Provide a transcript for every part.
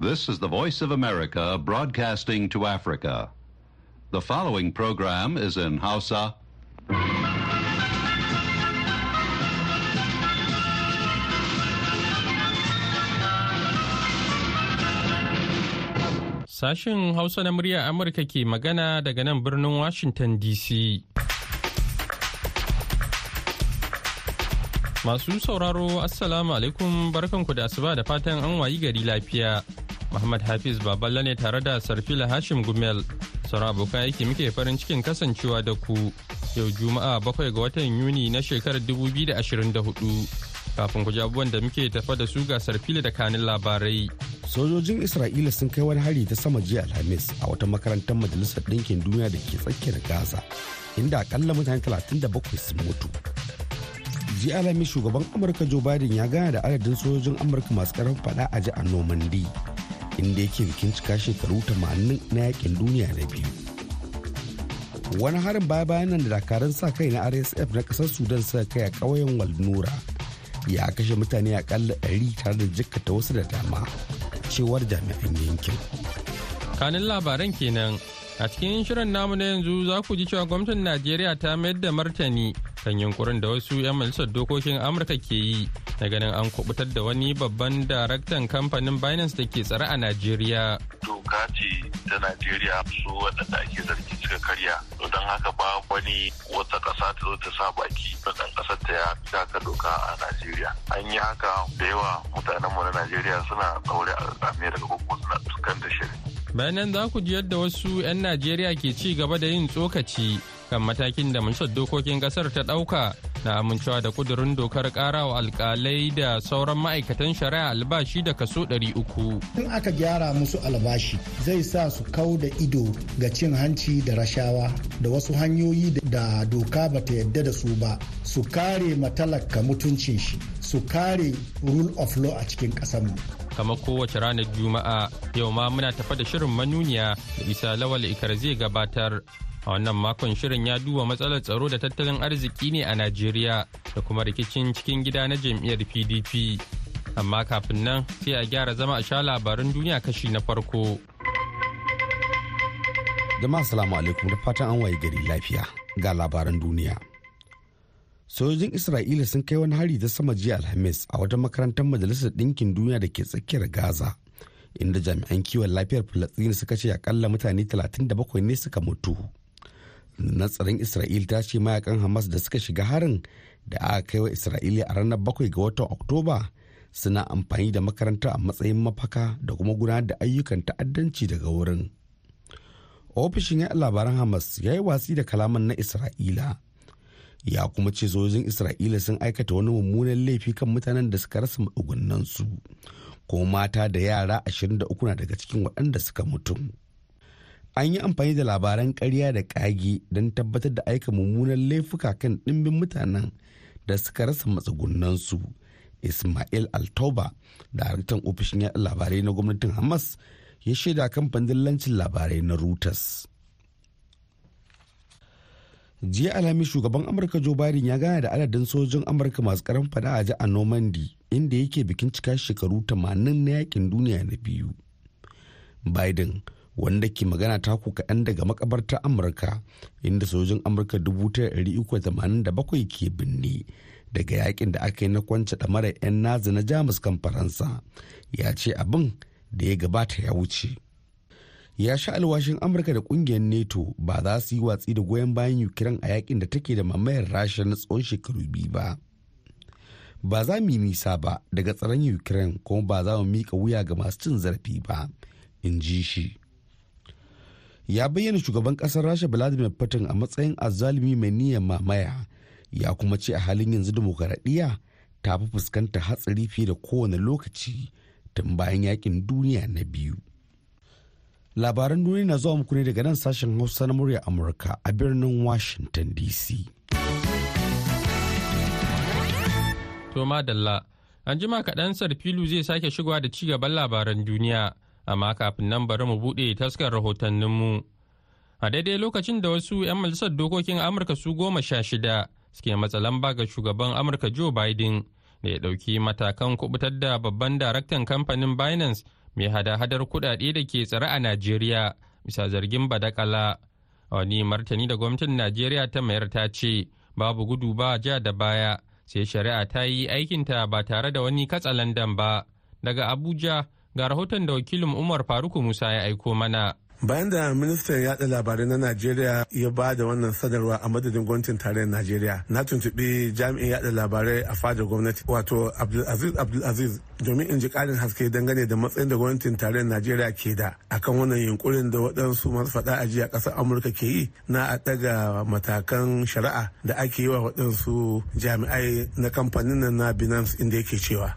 This is the Voice of America broadcasting to Africa. The following program is in Hausa. Sashen Hausa na murya Amurka ke magana daga nan birnin Washington DC. Masu sauraro, Assalamu alaikum barkanku da asuba da fatan an wayi gari lafiya. Muhammad Hafiz Baballa ne tare da Sarfila Hashim Gumel. Sauran abokan aiki muke farin cikin kasancewa da ku yau Juma'a bakwai ga watan Yuni na shekarar 2024. Kafin ku ji abubuwan da muke tafa da su ga Sarfila da kanin labarai. Sojojin Isra'ila sun kai wani hari ta sama jiya Alhamis a wata makarantar Majalisar Ɗinkin Duniya da ke tsakiyar Gaza, inda akalla mutane talatin da bakwai sun mutu. ji alami shugaban amurka joe biden ya gana da adadin sojojin amurka masu karan fada a ji a normandy inda yake bikin cika shekaru 80 na yakin duniya na biyu wani harin baya bayan nan da dakarun sa kai na rsf na kasar sudan suka kai a ƙauyen walnura ya kashe mutane akalla 100 tare da jikkata wasu da dama cewar jami'an yankin kanin labaran kenan a cikin shirin namu na yanzu za ku ji cewa gwamnatin najeriya ta mayar da martani kan yunkurin da wasu 'yan majalisar dokokin amurka ke yi na ganin an kubutar da wani babban daraktan kamfanin binance da ke tsare a najeriya doka ce ta najeriya su waɗanda ake zargi suka karya don haka ba wani wata ƙasa ta zo ta sa baki na ɗan ƙasar ta ya taka doka a najeriya an yi haka da yawa mu na najeriya suna ɗaure a amerika daga kuma suna da shirin bayanan za ku ji yadda wasu 'yan najeriya ke ci gaba da yin tsokaci kan matakin da majalisar dokokin ƙasar ta ɗauka na amincewa da kudurin dokar kara wa alkalai da sauran ma'aikatan shari'a albashi da kaso 300. In aka gyara musu albashi zai sa su kau da ido ga cin hanci da rashawa da wasu hanyoyi da doka ba ta yadda da su ba su kare matalaka mutuncin shi su kare rule of law a cikin ƙasarmu. kamar kowace ranar juma'a yau ma muna tafa da shirin manuniya da isa lawal ikar zai gabatar a wannan makon shirin ya duba matsalar tsaro da tattalin arziki ne a najeriya da kuma rikicin cikin gida na jam'iyyar pdp amma kafin nan sai a gyara zama a sha labarin duniya kashi na farko jama'a salamu alaikum da fatan an waye gari lafiya ga labaran duniya sojojin isra'ila sun kai wani hari da sama jiya alhamis a wata makarantar majalisar ɗinkin duniya da ke tsakiyar gaza inda jami'an kiwon lafiyar falastin suka ce akalla mutane 37 ne suka mutu na tsaron isra'il ta ce mayakan hamas da suka shiga harin da aka kai wa isra'ila a ranar bakwai ga watan oktoba suna amfani da makaranta a matsayin mafaka da kuma gudanar da ayyukan ta'addanci daga wurin ofishin ya labaran hamas ya yi watsi da kalaman na isra'ila ya kuma ce sojojin isra'ila sun aikata wani mummunan laifi kan mutanen da suka rasa matsugunansu ko mata da yara 23 na daga cikin waɗanda suka mutu. an yi amfani da labaran ƙarya da ƙage don tabbatar da aika mummunan laifuka kan ɗimbin mutanen da suka rasa matsugunansu ismail altoba da daraktan ofishin yaɗa labarai na gwamnatin hamas ya shaida kamfanin lancin labarai na reuters jiya alhamis shugaban amurka joe biden ya gana da adadin sojin amurka masu karan fada a a normandy inda yake bikin cika shekaru 80 na yakin duniya na biyu biden wanda ke magana ta taku kaɗan daga makabartar amurka inda sojin amurka 1387 ke binne daga yakin da aka yi na kwance mara 'yan nazi na jamus kan faransa ya ce abin da ya gabata ya wuce ya sha alwashin amurka da kungiyar nato ba za su yi watsi da goyon bayan ukraine a yakin da take da mamayar rasha na tsawon shekaru biyu ba ba za mu yi nisa ba daga tsaron ukraine kuma ba za mu mika wuya ga masu cin zarafi ba in ji shi ya bayyana shugaban kasar rasha vladimir putin a matsayin azalimi mai niyyar mamaya ya kuma ce a halin yanzu demokaradiyya ta fi fuskanta hatsari fiye da kowane lokaci tun bayan yakin duniya na biyu labaran duniya na zuwa muku ne daga nan sashen hausa na murya amurka a birnin washington dc to madalla an jima kaɗan sarfilu zai sake shigowa da ci gaban labaran duniya amma kafin nan bari mu buɗe taskar rahotanninmu. A daidai lokacin da wasu 'yan majalisar dokokin Amurka su goma sha shida suke matsalan ba ga shugaban Amurka Joe Biden da ya ɗauki matakan kubutar da babban daraktan kamfanin Binance mai hada-hadar kuɗaɗe da ke tsare a Najeriya bisa zargin badakala. Wani martani da gwamnatin Najeriya ta mayar ta ce babu gudu ba ja da baya sai shari'a ta yi aikinta ba tare da wani katsalandan ba. Daga Abuja, Ga rahoton da wakilin Umar Faruku Musa ya aiko mana. bayan da ministan yada labarai na najeriya ya ba da wannan sadarwa a madadin gwamnatin tarayyar najeriya na tuntuɓi jami'in yada labarai a fadar gwamnati wato abdulaziz abdulaziz domin in ji ƙarin haske dangane da matsayin da gwamnatin tarayyar najeriya ke da akan wannan yunkurin da waɗansu masu faɗa a jiya ƙasar amurka ke yi na a ɗaga matakan shari'a da ake yi wa waɗansu jami'ai na kamfanin na binance inda yake cewa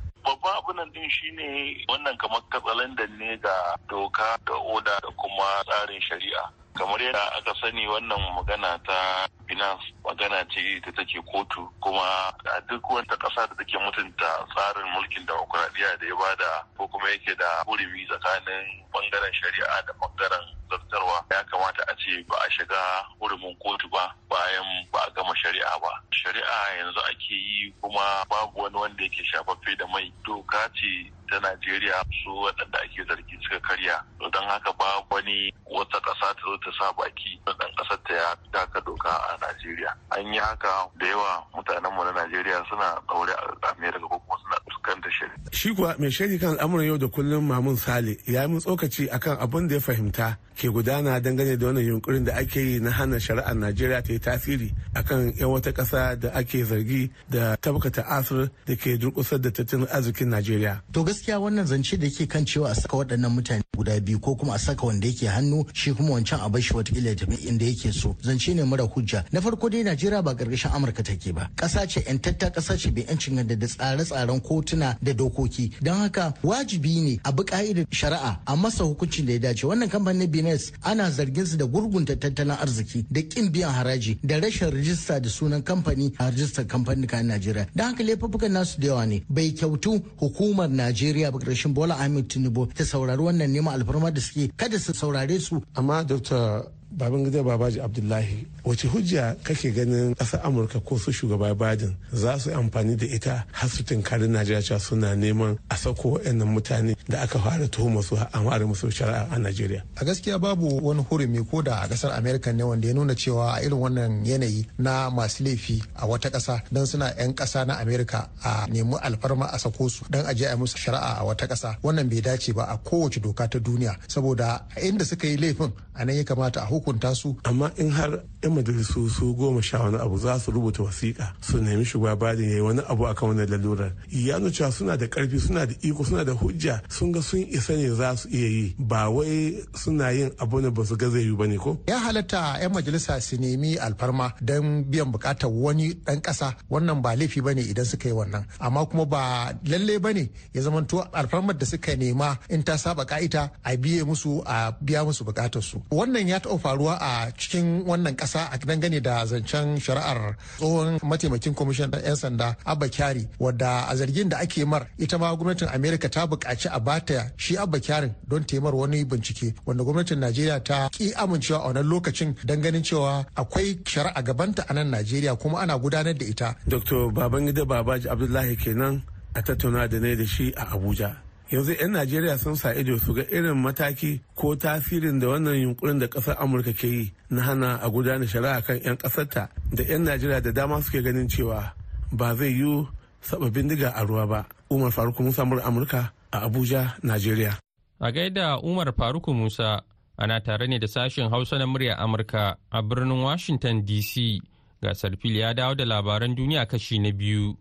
wannan din shine wannan kamar katsalandan ne ga doka da oda da kuma tsarin shari'a kamar yadda aka sani wannan magana ta Ina magana ce da take kotu kuma a duk wata ƙasa da take mutunta tsarin mulkin demokuraɗiyya da ya bada ko kuma yake da hurumi tsakanin bangaren shari'a da bangaren zartarwa ya kamata a ce ba a shiga hurumin kotu ba bayan ba a gama shari'a ba shari'a yanzu ake yi kuma babu wani wanda yake shafaffe da mai doka ce ta Najeriya su waɗanda ake zargi suka karya don haka ba wani wata ƙasa ta zo ta sa baki don ɗan ƙasar ta ya taka doka a Najeriya. An yi haka da yawa mutanen na Najeriya suna ɗaure a Amerika ko kuma suna fuskantar shiri. Shi kuwa mai shari kan al'amuran yau da kullum Mamun Sale ya yi tsokaci akan abin da ya fahimta ke gudana dangane da wannan yunkurin da ake yi na hana shari'ar Najeriya ta yi tasiri akan 'yan wata ƙasa da ake zargi da tabbata asir da ke durƙusar da tattalin arzikin Najeriya. To gaskiya wannan zance da yake kan cewa a saka waɗannan mutane guda biyu ko kuma a saka wanda yake hannu shi kuma wancan a bar shi watakila ya tafi inda yake so zance ne mara hujja na farko dai najeriya ba gargashin amurka take ba ƙasa ce yantatta ƙasa ce bai yancin da tsare-tsaren kotuna da dokoki don haka wajibi ne a bi ka'idar shari'a a masa hukuncin da ya dace wannan kamfanin binance ana zargin su da gurgunta tattalin arziki da kin biyan haraji da rashin rijista da sunan kamfani a rijistar kamfanin kayan najeriya don haka laifuffukan nasu da yawa ne bai kyautu hukumar najeriya ba ƙarshen bola ahmed tinubu ta saurari wannan neman alfarma da suke kada su saurare su amma dr gida babaji abdullahi wace hujja kake ganin ƙasar amurka ko su shugaba biden za su amfani da ita har su tunkari najeriya suna neman a sako wa'annan mutane da aka fara tuhuma su a mara musu shari'a a najeriya a gaskiya babu wani hurumi ko da a ƙasar amerika ne wanda ya nuna cewa a irin wannan yanayi na masu laifi a wata ƙasa don suna 'yan ƙasa na amerika a nemi alfarma a sako su don a je a musu shari'a a wata kasa wannan bai dace ba a kowace doka ta duniya saboda inda suka yi laifin a nan ya kamata a hukunta su amma in har 'yan majalisu su goma sha wani abu za su rubuta wasiƙa su nemi shugaba badin ya yi wani abu akan wannan lalurar ya cewa suna da ƙarfi suna da iko suna da hujja sun ga sun isa ne za su iya yi ba wai suna yin abu ne ba su ga zai yi ba ne ko. Ya halatta 'yan majalisa su nemi alfarma don biyan bukatar wani ɗan ƙasa wannan ba laifi ba ne idan suka yi wannan amma kuma ba lallai ba ne ya zamanto alfarmar da suka nema in ta saba ka'ita a biye musu a biya musu bukatar su wannan ya taɓa faruwa a cikin wannan kasa a dangane da zancen shari'ar tsohon mataimakin kwamishin 'yan sanda abba kyari wadda a zargin da ake mar ita ma gwamnatin amerika ta buƙaci a bata shi abba kyarin don taimar wani bincike wanda gwamnatin najeriya ta ki amincewa a wannan lokacin dan ganin cewa akwai shari'a gabanta a nan najeriya kuma ana gudanar da ita dr babangida babaji abdullahi kenan a tattauna da ne da shi a abuja yanzu 'yan najeriya sun sa ido su ga irin mataki ko tasirin da wannan yunkurin da kasar amurka ke yi na hana a gudanar shari'a kan 'yan kasarta da 'yan najeriya da dama suke ganin cewa ba zai yiwu saba bindiga a ruwa ba umar faruk musa mur amurka a abuja najeriya a gaida umar faruk musa ana tare ne da sashen hausa na murya amurka a birnin washington dc gasar fili ya dawo da labaran duniya kashi na biyu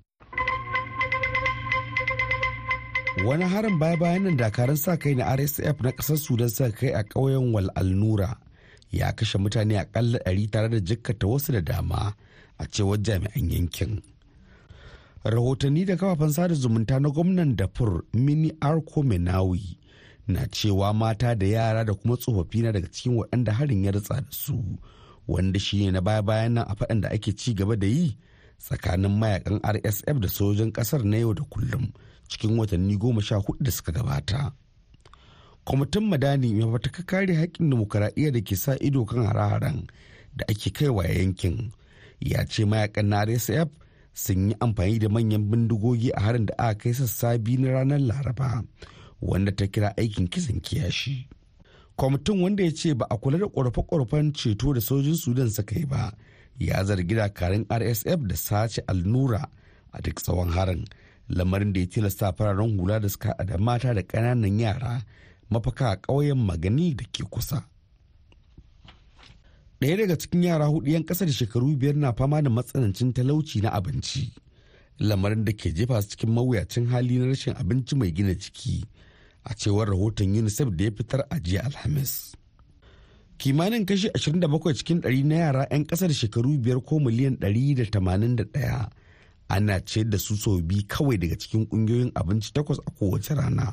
wani harin baya bayan nan dakarun sa kai na rsf na kasar sudan sa kai a ƙauyen wal alnura ya kashe mutane akalla ɗari tare da jikkata wasu da dama a cewar jami'an yankin rahotanni da kafafen sada zumunta na gwamnan dafur mini arko menawi na cewa mata da yara da kuma tsofaffi na daga cikin waɗanda harin ya ritsa da su wanda shi ne na baya bayan nan a faɗin da ake ci gaba da yi tsakanin mayakan rsf da sojojin ƙasar na yau da kullum cikin watanni goma sha hudu da suka gabata kwamitin madani mai ka kare haƙƙin dimokuraɗiyya da ke sa ido kan hare-haren da ake kaiwa yankin ya ce mayakan na rsf sun yi amfani da manyan bindigogi a harin da aka kai sassa biyu na ranar laraba wanda ta kira aikin kisan kiyashi kwamitin wanda ya ce ba a kula da ƙorafe-ƙorafen ceto da sojin sudan suka yi ba ya zargi dakarun rsf da sace alnura a duk tsawon harin lamarin da ya tilasta fararen hula da suka da mata da ƙananan yara mafaka a ƙauyen magani da ke kusa ɗaya daga cikin yara hudu yan ƙasa da shekaru biyar na fama da matsanancin talauci na abinci lamarin da ke jefa su cikin mawuyacin hali na rashin abinci mai gina jiki a cewar rahoton unicef da ya fitar a jiya alhamis kimanin kashi 27 cikin 100 na yara 'yan ƙasa da shekaru biyar ko miliyan 181 ana ciyar da su sau biyu kawai daga cikin kungiyoyin abinci takwas a kowace rana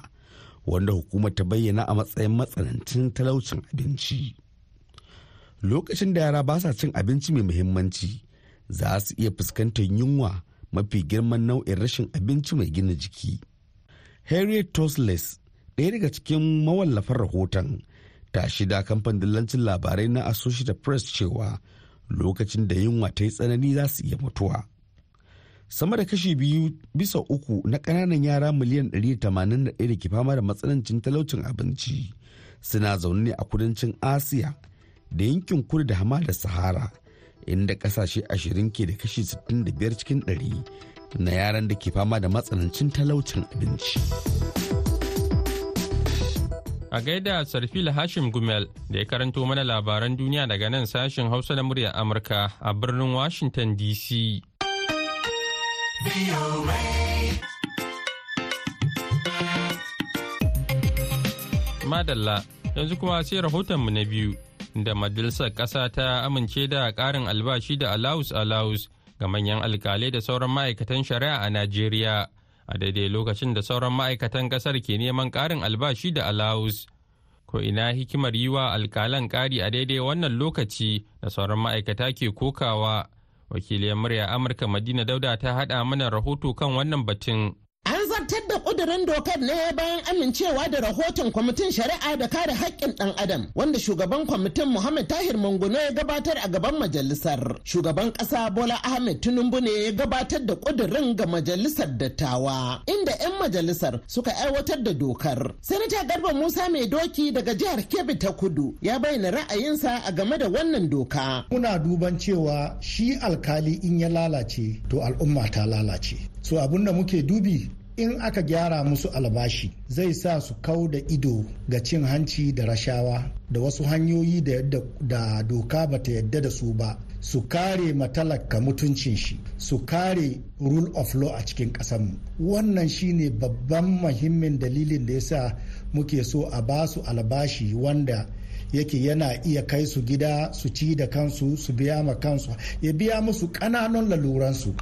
wanda hukumar ta bayyana a matsayin matsanancin talaucin abinci lokacin da yara ba sa cin abinci mai muhimmanci za su iya fuskantar yunwa mafi girman nau'in rashin abinci mai gina jiki harriet tosles ɗaya daga cikin mawallafar rahoton ta shida kamfanin dillancin labarai na associated press cewa lokacin da yunwa ta yi tsanani za su iya mutuwa sama da kashi biyu bisa uku na ƙananan yara miliyan 181 da ke fama da matsanancin talaucin abinci suna zaune ne a kudancin asiya da yankin kudu da hamada sahara inda kasashe ashirin ke da kashi 65 cikin 100 na yaran da ke fama da matsanancin talaucin abinci a gaida sarfil hashim gumel da ya karanto mana labaran duniya daga nan sashen hausa na muryar amurka a birnin washington dc Madalla yanzu kuma sai rahotonmu na biyu da majalisar ƙasa ta amince da ƙarin albashi da alawus alawus ga manyan alkalai da sauran ma'aikatan shari'a a Najeriya a daidai lokacin da sauran ma'aikatan ƙasar ke neman ƙarin albashi da alawus. Ko ina hikimar yi wa alkalan ƙari a daidai wannan lokaci da sauran ma'aikata ke kokawa. wakiliyar murya amurka madina dauda ta haɗa mana rahoto kan wannan batun zartar da kudirin dokar ne bayan amincewa da rahoton kwamitin shari'a da kare haƙƙin ɗan adam wanda shugaban kwamitin muhammad tahir mangono ya gabatar a gaban majalisar shugaban ƙasa bola ahmed tinubu ne ya gabatar da ƙudurin ga majalisar dattawa inda 'yan majalisar suka aiwatar da dokar sanata garba musa mai doki daga jihar kebbi ta kudu ya bayyana ra'ayinsa a game da wannan doka muna duban cewa shi alkali in ya lalace to al'umma ta lalace so abin da muke dubi in aka gyara musu albashi zai sa su kau da ido ga cin hanci da rashawa da wasu hanyoyi da doka bata yadda da su ba su kare matalaka mutuncin shi su kare rule of law a cikin ƙasanmu wannan shine babban mahimmin dalilin da ya sa muke so a basu albashi wanda yake yana iya kai su gida su ci da kansu su biya ma kansu ya biya musu ƙananan laluransu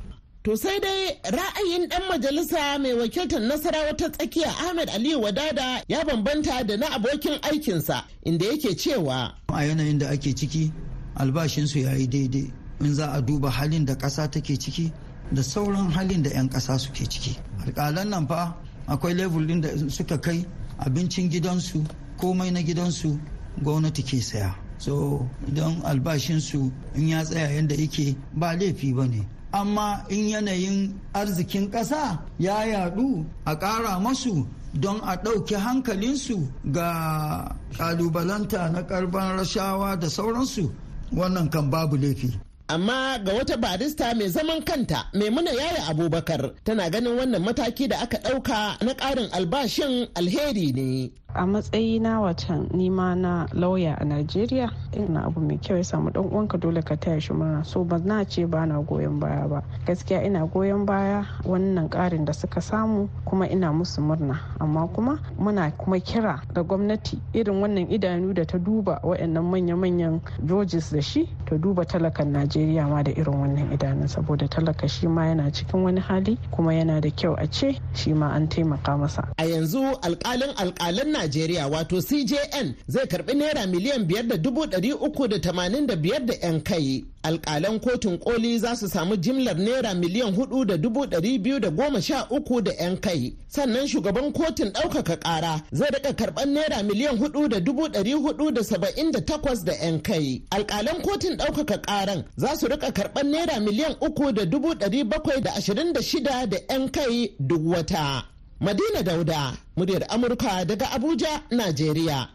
To sai dai ra'ayin ɗan majalisa mai wakiltar nasarawa ta tsakiya Ahmed Aliyu Wadada ya bambanta da na abokin aikinsa inda yake cewa. A yanayin da ake ciki albashinsu ya yi daidai in za a duba halin da ƙasa take ciki da sauran halin da 'yan ƙasa suke ciki. Alƙalan nan fa akwai level da suka kai abincin gidansu komai na gidansu gwamnati ke saya. So don albashinsu in ya tsaya yadda yake ba laifi ba ne. amma in yanayin arzikin ƙasa ya yadu a ƙara masu don a ɗauki hankalinsu ga ƙalubalanta na karban rashawa da sauransu wannan kan babu laifi amma ga wata barista mai zaman kanta maimuna yaya abubakar tana ganin wannan mataki da aka ɗauka na ƙarin albashin alheri ne a matsayina watan nima na lauya a najeriya irin abu mai kyau ya samu dan uwanka dole ka taya shi murna so ba na ce ba na goyon baya ba gaskiya ina goyon baya wannan karin da suka samu kuma ina musu murna amma kuma muna kuma kira da gwamnati irin wannan idanu da ta duba waɗannan manya-manyan jojis da shi ta duba talakan najeriya ma da irin wannan idanun saboda talaka shi ma yana cikin wani hali kuma yana da kyau a ce shi ma an taimaka masa a yanzu alkalin alkalin Najeriya wato CJN zai karbi naira miliyan biyar da dubu ɗari uku da tamanin da biyar da 'yan kai. Alƙalan kotun koli za su samu jimlar naira miliyan hudu da dubu ɗari biyu da goma sha uku da 'yan kai. Sannan shugaban kotun ɗaukaka ƙara zai riƙa karban naira miliyan hudu da dubu ɗari hudu da saba'in da takwas da 'yan kai. Alƙalan kotun ɗaukaka ƙaran za su riƙa karɓar naira miliyan uku da dubu ɗari bakwai da ashirin da shida da 'yan kai duk wata. Madina Dauda, muryar Amurka daga Abuja, Najeriya.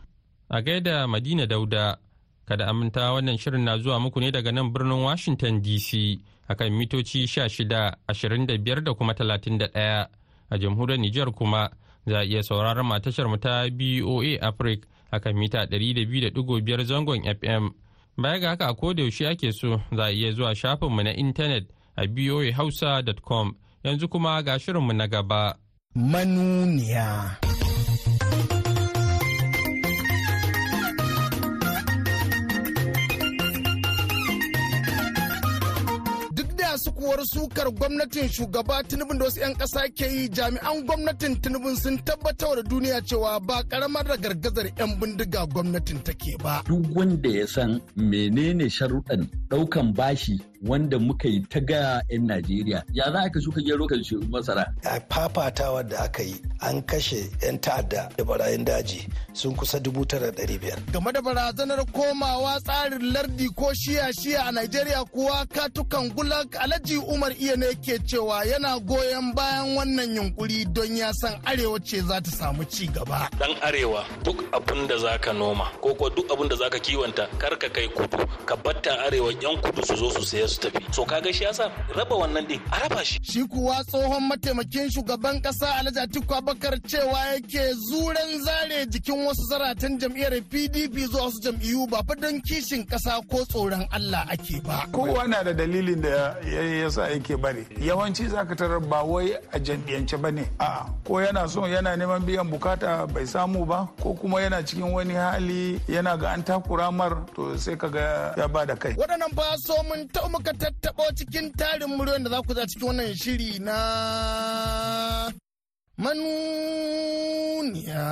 A gaida Madina Dauda, kada aminta wannan shirin na zuwa muku ne daga nan birnin Washington DC akan mitoci 16, da kuma 31 a jamhuriyar Nijar kuma za a iya sauraron matashar mu ta BOA Africa akan mita 200.5 zangon FM. Baya ga haka a yaushe ake so za a iya zuwa shafinmu na intanet a boahausa.com yanzu kuma ga shirinmu na gaba. manuniya. sukuwar sukar gwamnatin shugaba tunubin da wasu 'yan ƙasa ke yi jami'an gwamnatin tunubin sun tabbatar da duniya cewa ba karamar da gargazar 'yan bindiga gwamnatin take ba. Duk wanda ya san menene sharuɗan ɗaukan bashi wanda muka yi ta ga 'yan Najeriya. Ya za ka shuka gero shi masara? A fafatawar da aka yi an kashe 'yan ta'adda da barayin daji sun kusa dubu tara ɗari biyar. Game da barazanar komawa tsarin lardi ko shiya-shiya a Najeriya kuwa katukan gulag alaji Umar iya ne ke cewa yana goyon bayan wannan yunkuri don ya san arewa ce za ta samu ci gaba. Dan arewa duk abin da za ka noma ko duk abin da za ka kiwanta kar ka kai kudu ka batta arewa 'yan kudu su zo su saya su tafi so kaga shi yasa raba wannan din a raba shi shi kuwa tsohon mataimakin shugaban kasa Alhaji Atiku Abubakar cewa yake zuren zare jikin wasu zaratan jam'iyyar PDP zuwa wasu jam'iyyu ba fa don kishin kasa ko tsoron Allah ake ba kowa na da dalilin da yasa yake bare yawanci zaka tarar ba wai a jam'iyyance bane a'a ko yana so yana neman biyan bukata bai samu ba ko kuma yana cikin wani hali yana ga an takura mar to sai kaga ya ba da kai waɗannan ba so mun ta muka tattaɓo cikin tarin muryar da za ku za cikin wannan shiri na manuniya.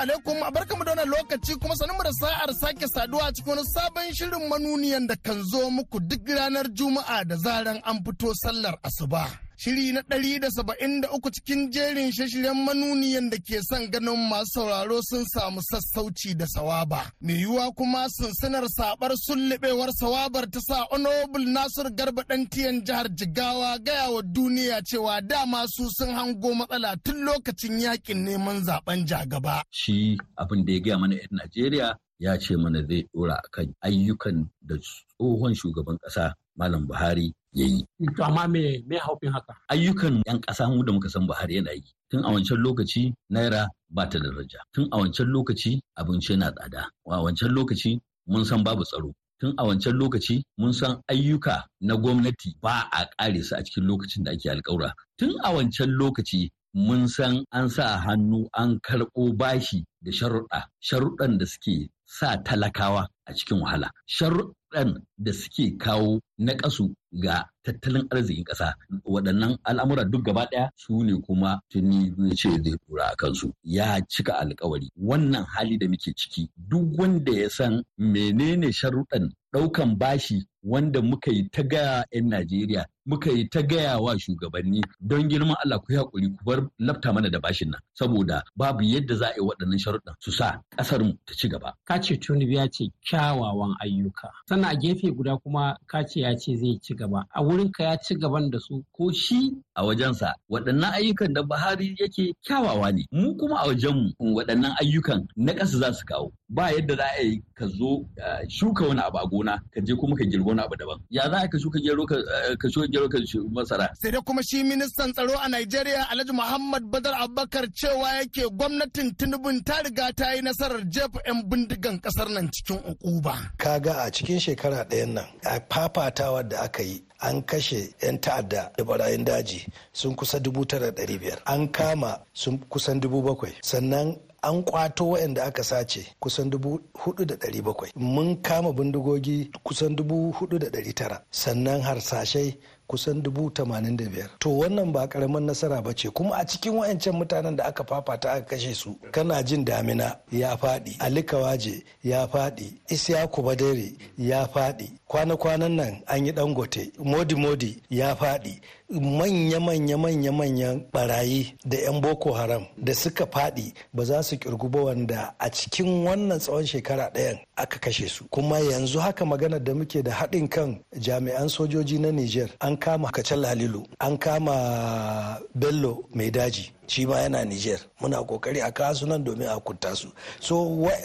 alaikum barkamu da wannan lokaci kuma sanin mu da sa'ar sake saduwa a cikin wani sabon shirin manuniyan da kan zo muku duk ranar Juma'a da zaran an fito sallar asuba. shiri na ɗari da saba'in da uku cikin jerin shashiren manuniyan da ke son ganin masu sauraro sun samu sassauci da sawaba. Mai yiwuwa kuma sunsunar sabar sullubewar sawabar ta sa Honorable Nasir Garba ɗan tiyan jihar Jigawa gaya wa duniya cewa dama su sun hango matsala tun lokacin yakin neman zaben jagaba. Shi abin da ya gaya mana 'yan Najeriya ya ce mana zai dora kan ayyukan da tsohon shugaban ƙasa Malam Buhari ya yi. To amma me me haufin haka? Ayyukan ƴan ƙasa mu da muka san Buhari yana yi. Tun a wancan lokaci naira ba ta daraja. Tun a wancan lokaci abinci yana tsada. A wancan lokaci mun san babu tsaro. Tun a wancan lokaci mun san ayyuka na gwamnati ba a ƙare su a cikin lokacin da ake alƙawura. Tun a wancan lokaci mun san an sa hannu an karɓo bashi da sharuɗa. Sharuɗan da suke sa talakawa a cikin wahala. Sharuɗan da suke kawo na ƙasu ga tattalin arzikin ƙasa waɗannan al'amura duk gaba ɗaya su ne kuma tuni zai ce zai kura a kansu ya cika alkawari wannan hali da muke ciki duk wanda ya san menene sharuɗan ɗaukan bashi wanda muka yi ta gaya 'yan Najeriya muka yi ta gaya wa shugabanni don girman Allah ku haƙuri ku bar lafta mana da bashin nan saboda babu yadda za a yi waɗannan sharuɗan su sa ƙasar mu ta ci gaba. Ka ce tuni ya ce kyawawan ayyuka sannan a gefe guda kuma ka ce ya ya ce zai ci gaba a wurin ka ya ci gaban da su ko shi a wajensa waɗannan ayyukan da Buhari yake kyawawa ne mu kuma a wajenmu waɗannan ayyukan na ƙasa za su kawo ba yadda za a yi ka zo shuka wani abu a gona ka je kuma ka girbi wani abu daban ya za ka shuka gero ka shuka gero ka masara sai dai kuma shi ministan tsaro a Najeriya Alhaji Muhammad Badar Abubakar cewa yake gwamnatin Tinubu ta riga ta yi nasarar jefa 'yan bindigan kasar nan cikin ukuba kaga a cikin shekara ɗayan nan a fafata fafatawa da aka yi an kashe 'yan ta'adda da barayin daji sun kusa 9,500 an kama sun kusan 7,000 sannan an kwato waɗanda aka sace kusan bakwai mun kama bindigogi kusan tara sannan harsashai kusan dubu tamanin da biyar to wannan ba karamin nasara ba ce kuma a cikin wayancan mutanen da aka fafata aka kashe su kana jin damina ya faɗi alikawaje ya faɗi isyaku badere ya faɗi kwana-kwanan nan an yi dangote modi-modi ya faɗi manya-manya-manya-manyan barayi da 'yan boko haram da suka faɗi ba za su kirgu ba wanda a cikin wannan tsawon shekara ɗayan aka kashe su kuma yanzu haka magana da muke da haɗin kan jami'an sojoji na niger an kama kacal halilu an kama bello mai daji shi ma yana niger muna kokari a kasu nan domin a kunta su so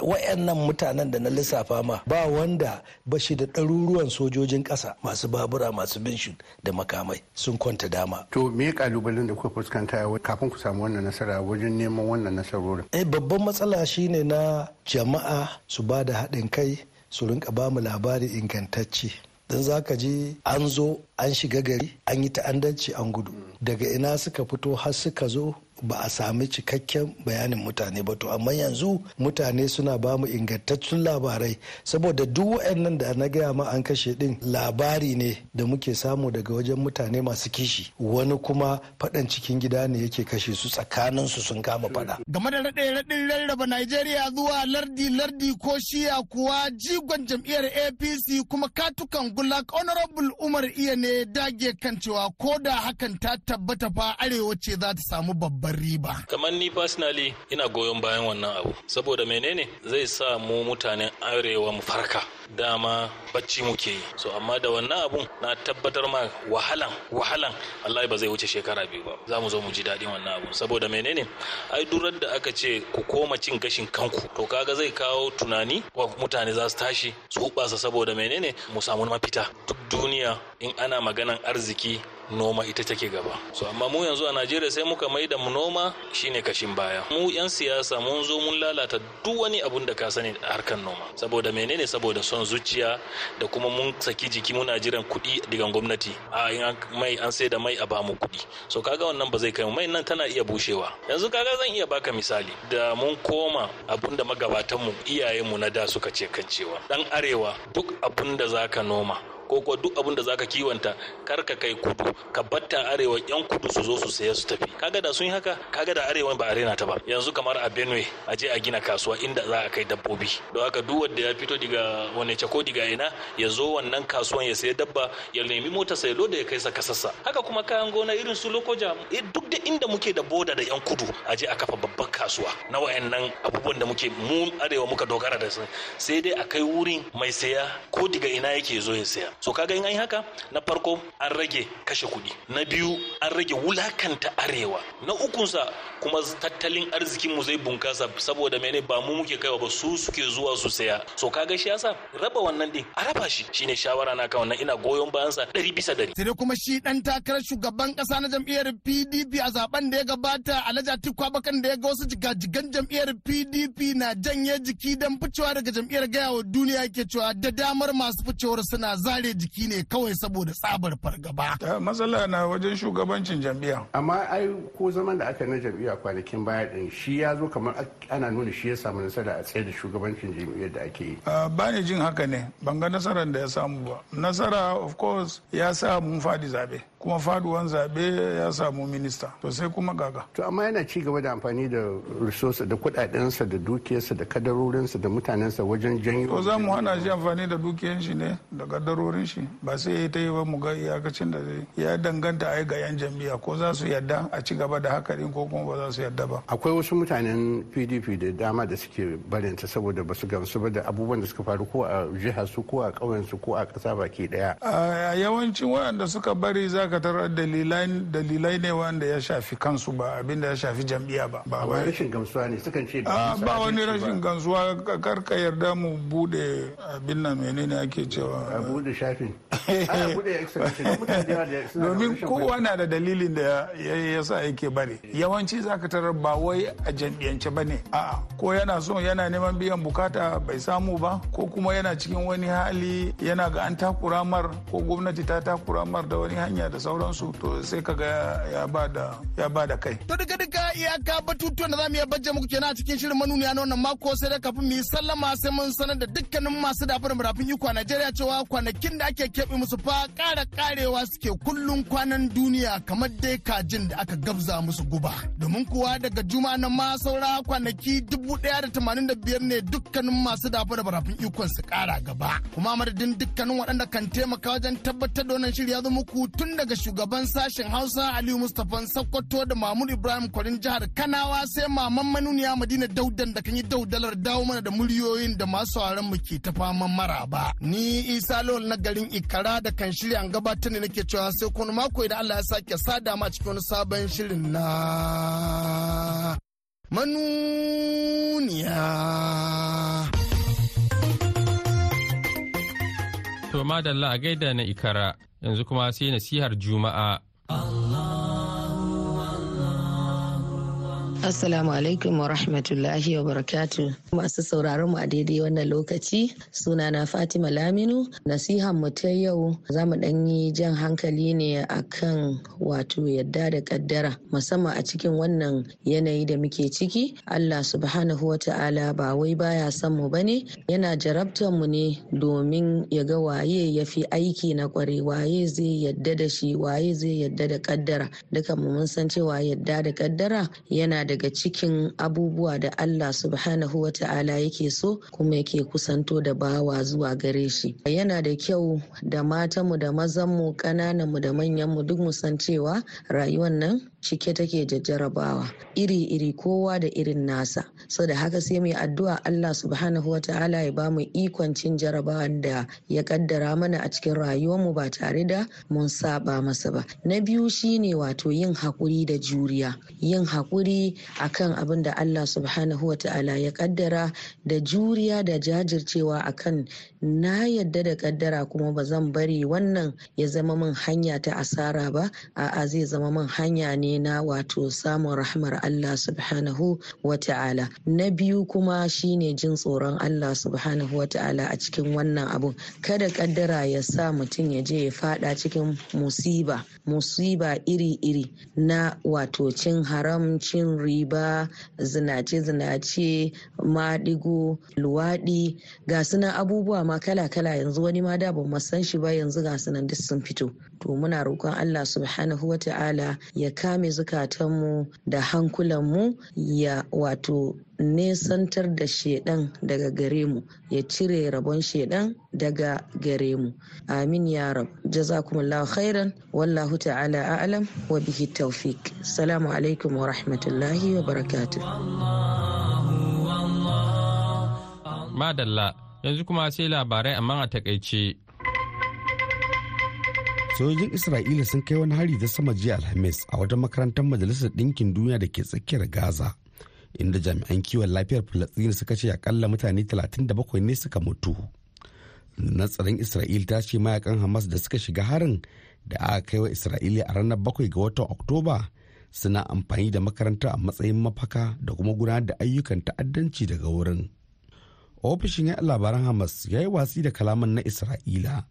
wayannan mutanen da na lissafa ma ba wanda ba shi da ɗaruruwan sojojin ƙasa masu babura masu binshin da makamai sun kwanta dama to me kalubalen da kuka fuskanta kafin ku samu wannan nasara wajen neman wannan nasarorin eh babban matsala shine na jama'a su ba da haɗin kai su rinka ba mu labari ingantacce don zaka ka ji an zo an shiga gari an yi ta'andanci an gudu daga ina suka fito har suka zo ba a sami cikakken bayanin mutane ba to amma yanzu mutane suna ba mu ingantaccen labarai saboda duk waɗannan da na gaya ma an kashe din labari ne da muke samu daga wajen mutane masu kishi wani kuma faɗan cikin gida ne yake kashe su tsakanin su sun kama faɗa. game da raɗe raɗin rarraba Najeriya zuwa lardi lardi ko shiya kuwa jigon jam'iyyar APC kuma katukan gulak honorable Umar iya ne dage kan cewa ko da hakan ta tabbata fa arewa ce za ta samu babba babban riba. Kamar ni personally ina goyon bayan wannan abu saboda menene zai sa mu mutanen arewa mu farka dama bacci muke yi so amma da wannan abun na tabbatar ma wahalan wahalan wallahi ba zai wuce shekara biyu ba za mu zo mu ji daɗin wannan abun saboda menene ai durar da aka ce ku koma cin gashin kanku to kaga zai kawo tunani wa mutane za su tashi su hubasa saboda menene mu samu mafita duk duniya in ana maganan arziki noma ita take gaba so amma mu yanzu a najeriya sai muka mai da noma shine kashin baya mu yan siyasa mun zo mun lalata duk wani abun da ka sani a harkar noma saboda menene saboda son zuciya da kuma mun saki jiki muna jiran kuɗi daga gwamnati a in mai an sai da mai a bamu kuɗi so kaga wannan ba zai kai mai nan tana iya bushewa yanzu kaga zan iya baka misali da mun koma abun da magabatanmu mu na da suka ce kan cewa dan arewa duk abun da zaka noma ko kuwa duk abin da zaka kiwanta kar ka kai kudu ka batta arewa yan kudu su zo su saya su tafi kaga da sun yi haka kaga da arewa ba arena ta ba yanzu kamar a Benue a je a gina kasuwa inda za a kai dabbobi don haka duk wanda ya fito daga wani cako diga ina ya zo wannan kasuwan ya saya dabba ya nemi mota sai loda ya kai sa kasassa haka kuma kayan gona irin su lokoja eh, duk da inda muke da boda da yan kudu a je a kafa babban kasuwa na wayannan abubuwan da muke mu arewa muka dogara da su sai dai a kai wurin mai saya ko daga ina yake zo ya saya so kaga in an yi haka na farko an rage kashe kuɗi na biyu an rage wulakanta arewa na ukunsa kuma tattalin arzikin mu zai bunkasa saboda mene ba mu muke kaiwa ba su suke zuwa su saya so kaga shi yasa raba wannan din a raba shi shine shawara na kan wannan ina goyon bayan sa ɗari bisa ɗari. sai kuma shi dan takarar shugaban kasa na jam'iyyar PDP a zaben da ya gabata Alhaji Atiku Abubakar da ya ga wasu jigajigan jam'iyyar PDP na janye jiki dan ficewa daga jam'iyyar gaya wa duniya ke cewa da damar masu ficewar suna zari zare jiki ne kawai saboda tsabar fargaba. matsala na wajen shugabancin jam'iyya. amma ai ko zaman da aka na jam'iyya kwanakin baya din shi ya zo kamar ana nuna shi ya samu nasara a tsaye da shugabancin jam'iyyar da ake yi. ba ni jin haka ne ban ga nasarar da ya samu ba nasara of course ya sa mun fadi zabe kuma faduwan zabe ya samu minista to sai kuma gaga. to amma yana ci gaba da amfani da resources da kudadensa da dukiyarsa da kadarorinsa da mutanensa wajen janyo. to za mu hana shi amfani da dukiyar shi ne da kadarorin wurin shi ba sai ya yi ba mu ga iyakacin da zai ya danganta ai ga yan jamia ko za su yadda a ci gaba da haka ko kuma ba za su yadda ba akwai wasu mutanen pdp da dama da suke barinta saboda ba su gamsu ba da abubuwan da suka faru ko a jihar su ko a ƙauyen su ko a ƙasa baki daya a yawancin waɗanda suka bari za ka tarar dalilai ne wanda ya shafi kansu ba abin da ya shafi jamia ba ba wani rashin gamsuwa ne sukan ce ba wani rashin gamsuwa karka yarda mu bude abin nan menene ake cewa a shafin domin kowa na da dalilin da ya sa yake bari yawanci zaka tarar ba wai a jam'iyyance ba ne a'a ko yana so yana neman biyan bukata bai samu ba ko kuma yana cikin wani hali yana ga an takura mar ko gwamnati ta takura mar da wani hanya da sauransu to sai ka ga ya ba da kai to duka duka iyaka batutuwa da zamu iya bajje muku kenan a cikin shirin manuniya na wannan mako sai da kafin mu yi sallama sai mun sanar da dukkanin masu dafa dafar murafin iko a Najeriya cewa kwanakin da ake keɓe musu fa ƙara ƙarewa suke kullum kwanan duniya kamar dai kajin da aka gabza musu guba. Domin kuwa daga juma na ma saura kwanaki dubu ɗaya da tamanin da biyar ne dukkanin masu dafa da barafin ikon su ƙara gaba. Kuma madadin dukkanin waɗanda kan taimaka wajen tabbatar da wannan shiri ya zo muku tun daga shugaban sashen Hausa Aliyu Mustapha Sokoto da Mahmud Ibrahim Kwarin jihar Kanawa sai maman manuniya Madina Daudan da kan yi daudalar dawo mana da muryoyin da masu sauraron mu ke ta faman maraba. Ni Isa Lol na garin Ikara da kan shirya an gabatar ne nake cewa sai kuma mako idan Allah ya sake sada ma cikin wani sabon shirin na manuniya. To madalla a gaida na Ikara yanzu kuma sai nasihar Juma'a. Allah. Assalamu alaikum wa rahmatullahi wa barakatu. Masu sauraron mu a daidai wannan lokaci suna na Fatima Laminu. Nasihan mu ta yau za mu ɗan yi jan hankali ne akan wato yadda da kaddara musamman a cikin wannan yanayi da muke ciki. Allah subhanahu wa ta'ala ba wai baya san mu bane yana jarabtar mu ne domin ya ga waye ya fi aiki na kware waye zai yadda da shi waye zai yadda da kaddara. Dukan mu mun san cewa yadda da kaddara yana da daga cikin abubuwa da Allah subhanahu wa ta'ala yake so kuma yake kusanto da bawa zuwa gare shi yana da kyau da matanmu da mazanmu mu da manyanmu duk mu san cewa rayuwar nan cike take da jarabawa iri-iri kowa da irin nasa da haka sai mai addu'a Allah subhanahu wa ta'ala ya bamu ikon cin jarabawan da ya kaddara mana a cikin rayuwarmu ba tare da mun saba masa ba na biyu shine wato yin hakuri da juriya yin hakuri akan abin da Allah subhanahu wa ta'ala ya kaddara da juriya da jajircewa akan na yadda da kaddara kuma ba zan bari wannan ya zama min hanya ta asara ba a'a zai zama min hanya ne na wato samun rahmar Allah subhanahu wa ta'ala na biyu kuma shine jin tsoron Allah subhanahu wa ta'ala a cikin wannan abun kada kaddara ya sa mutum ya je ya fada cikin musiba musiba iri-iri na wato cin haram cin riba zinace-zinace maɗigo luwaɗi ga sunan abubuwa ma kala-kala yanzu wani ma da ban san shi ba yanzu ga sunan duk sun fito to muna roƙon allah subhanahu wa ta'ala ya kame zukatanmu da hankulanmu ya wato nesantar da shedan daga gare mu ya cire rabon shedan daga gare mu amin ya rab jazakumullahu khairan wallahu ta'ala a'lam wa bihi tawfiq salamu alaikum wa rahmatullahi wa barakatuh madalla yanzu kuma sai labarai amma a takaice sojojin isra'ila sun kai wani hari da sama jiya alhamis a wata makarantar majalisar ɗinkin duniya da ke tsakiyar gaza inda jami'an kiwon lafiyar Falasɗin suka ce akalla mutane 37 ne suka mutu. Na tsaron Isra'il ta ce mayakan Hamas da suka shiga harin da aka kai wa Isra'ila a ranar 7 ga watan Oktoba suna amfani da makaranta a matsayin mafaka da kuma gudanar da ayyukan ta'addanci daga wurin. Ofishin yan labaran Hamas ya yi watsi da kalaman na Isra'ila.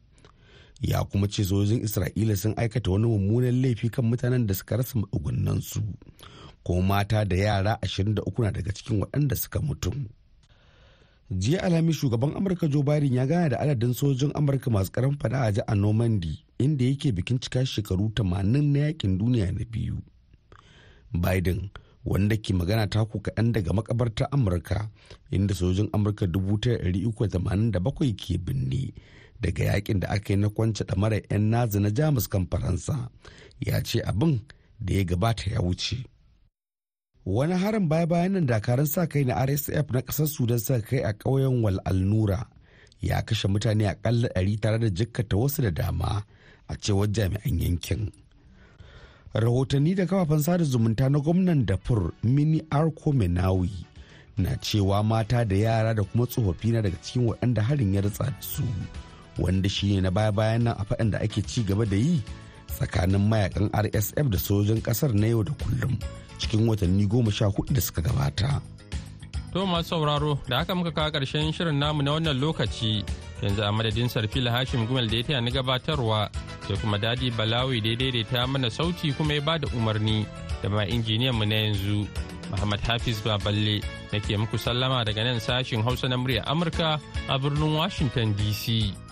Ya kuma ce sojojin Isra'ila sun aikata wani mummunan laifi kan mutanen da suka rasa su ko mata da yara 23 na daga cikin waɗanda suka mutu. jiya alhami shugaban amurka joe biden ya gana da adadin sojin amurka masu karan fada a jihar normandy inda yake bikin cika shekaru 80 na yakin duniya na biyu biden wanda ke magana taku kaɗan daga makabartar amurka inda sojin amurka 387 ke binne daga yakin da aka yi na kwance ɗamarar 'yan nazi na jamus kan faransa ya ce abin da ya gabata ya wuce wani harin baya bayan nan dakarun sa kai na rsf na kasar sudan sa kai a ƙauyen wal alnura ya kashe mutane akalla ɗari tare da jikkata wasu da dama a cewar jami'an yankin rahotanni da kafafen sada zumunta na gwamnan dafur mini arko menawi na cewa mata da yara da kuma tsofaffi na daga cikin waɗanda harin ya ritsa su wanda shi ne na baya bayan nan a faɗin da ake ci gaba da yi tsakanin mayakan rsf da sojan kasar na yau da kullum cikin watanni goma sha hudu da suka gabata to masu sauraro da aka muka kawo karshen shirin namu na wannan lokaci yanzu a madadin sarfila hashim gumel da ya taya na gabatarwa da kuma dadi balawi daidai da ta mana sauti kuma ya ba da umarni da ma injiniyan mu na yanzu muhammad hafiz baballe nake muku sallama daga nan sashin hausa na murya amurka a birnin washington dc